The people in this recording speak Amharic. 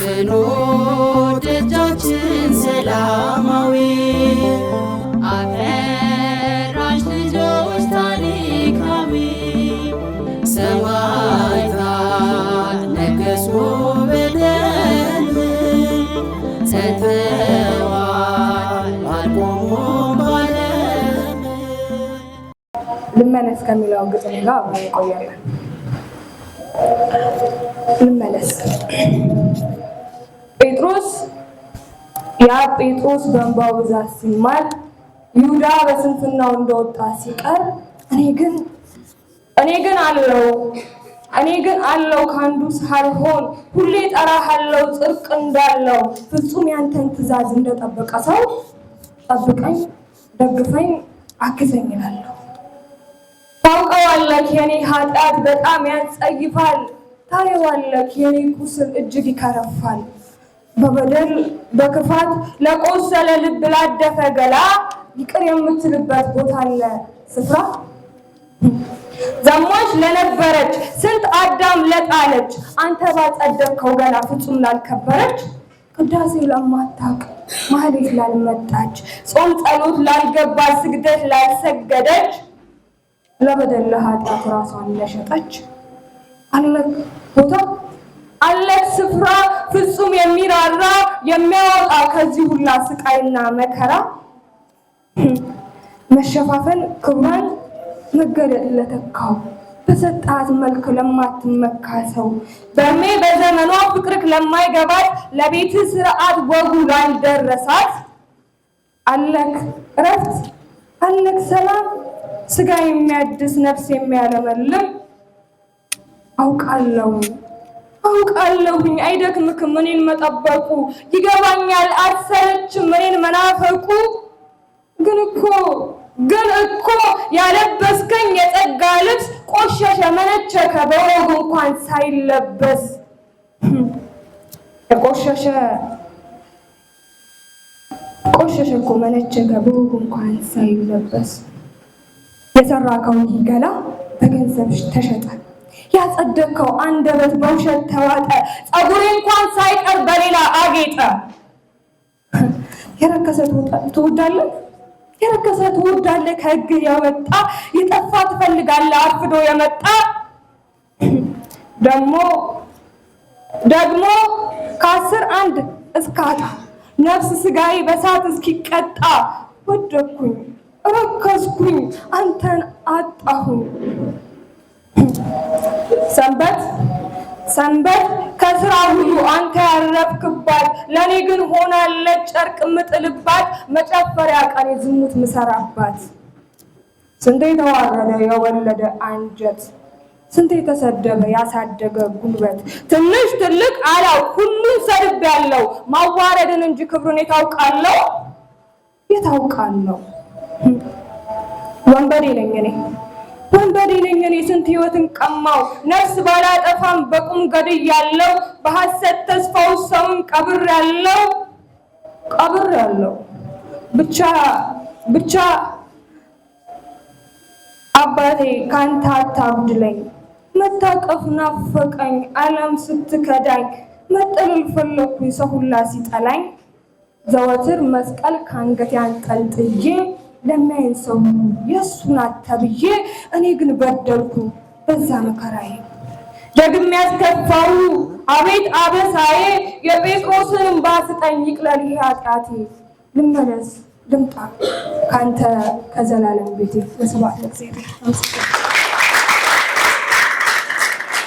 ፍኖ ደጃችን ሰላማዊ አፈራሽ ልጆች ታሪካዊ ሰማዕታት ነገሱ በደል ጸንተዋል አልቆሙም ባለም። ልመለስ ከሚለው ግጥም ጋር አብሮ ልመለስ ጴጥሮስ ያ ጴጥሮስ በእንባው ብዛት ሲማል ይሁዳ በስንፍናው እንደወጣ ሲቀር እኔ ግን እኔ ግን አለው እኔ ግን አለው ከአንዱ ሳልሆን ሁሌ ጠራሃለው ጽድቅ እንዳለው ፍጹም ያንተን ትእዛዝ እንደጠበቀ ሰው ጠብቀኝ፣ ደግፈኝ፣ አግዘኝ እላለሁ። ታውቀዋለህ የኔ ኃጢአት በጣም ያጸይፋል። ታየዋለህ የኔ ቁስል እጅግ ይከረፋል። በበደል በክፋት ለቆሰለ ልብ ላደፈ ገላ ይቅር የምትልበት አለ ስፍራ ዛሟች ለነበረች ስንት አዳም ለጣለች አንተ ባጸደቅከው ገና ፍጹም ላልከበረች ቅዳሴ ለማታውቅ ማህሌት ላልመጣች ጾም ጸሎት ላልገባ ስግደት ላልሰገደች ለበደል ለኃጢአት ራሷን ለሸጠች አለ ቦታ አለ ስፍራ ፍጹም የሚራራ የሚያወጣ ከዚህ ሁላ ስቃይና መከራ መሸፋፈን ክብሯን መገደል ለተካው በሰጣት መልክ ለማትመካ ሰው በእድሜ በዘመኗ ፍቅርክ ለማይገባት ለቤት ስርዓት ወጉ ላልደረሳት አለክ እረፍት አለክ ሰላም ስጋ የሚያድስ ነፍስ የሚያለመልም አውቃለሁ። አውቃለሁኝ አይደክምክ እኔን መጠበቁ ይገባኛል አትሰለችም እኔን መናፈቁ ግን እኮ ግን እኮ ያለበስከኝ የጸጋ ልብስ ቆሸሸ መነቸከ በወጉ እንኳን ሳይለበስ ቆሸሸ ቆሸሸ እኮ መነቸከ በወጉ እንኳን ሳይለበስ የሰራከውን ይገላ በገንዘብሽ ተሸጠ ያጸደቅከው አንደበት በውሸት ተዋጠ፣ ጸጉሬ እንኳን ሳይቀር በሌላ አጌጠ። የረከሰ ትወዳለህ የረከሰ ትወዳለህ፣ ከህግ ያወጣ የጠፋ ትፈልጋለህ፣ አርፍዶ የመጣ ደግሞ ደግሞ ከአስር አንድ እስካጣ ነፍስ ስጋዬ በሳት እስኪቀጣ ወደኩኝ፣ ረከስኩኝ፣ አንተን አጣሁኝ። ሰንበት ሰንበት ከስራ ሁሉ አንተ ያረፍክባት ለእኔ ግን ሆናለች ጨርቅ ምጥልባት መጨፈሪያ ቀን የዝሙት ምሰራባት። ስንቴ የተዋረደ የወለደ አንጀት ስንቴ የተሰደበ ያሳደገ ጉልበት ትንሽ ትልቅ አላው ሁሉን ሰድብ ያለው ማዋረድን እንጂ ክብሩን የታውቃለው የታውቃለው ወንበዴ ነኝ እኔ ወንበዴ ነኝ እኔ ስንት ህይወትን ቀማው ነፍስ ባላጠፋም በቁም ገድያለሁ። በሐሰት ተስፋው ሰውን ቀብር ያለው ቀብር ያለው ብቻ ብቻ አባቴ ካንተ አታጉድለኝ። መታቀፍ ናፈቀኝ ዓለም ስትከዳኝ መጠለል ፈለኩኝ ሰው ሁላ ሲጠላኝ ዘወትር መስቀል ከአንገቴ አንጠልጥዬ ለሚያይን ሰው የእሱ ናት ተብዬ እኔ ግን በደልኩ በዛ መከራዬ ደግም ያስከፋው አቤት አበሳዬ የጴጥሮስን እንባ ስጠኝ ይቅለል ይሄ ኃጢአቴ። ልመለስ ልምጣ ካንተ ከዘላለም ቤቴ። በስብሐት ለእግዚአብሔር።